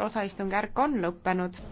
osaistungjärk on lõppenud.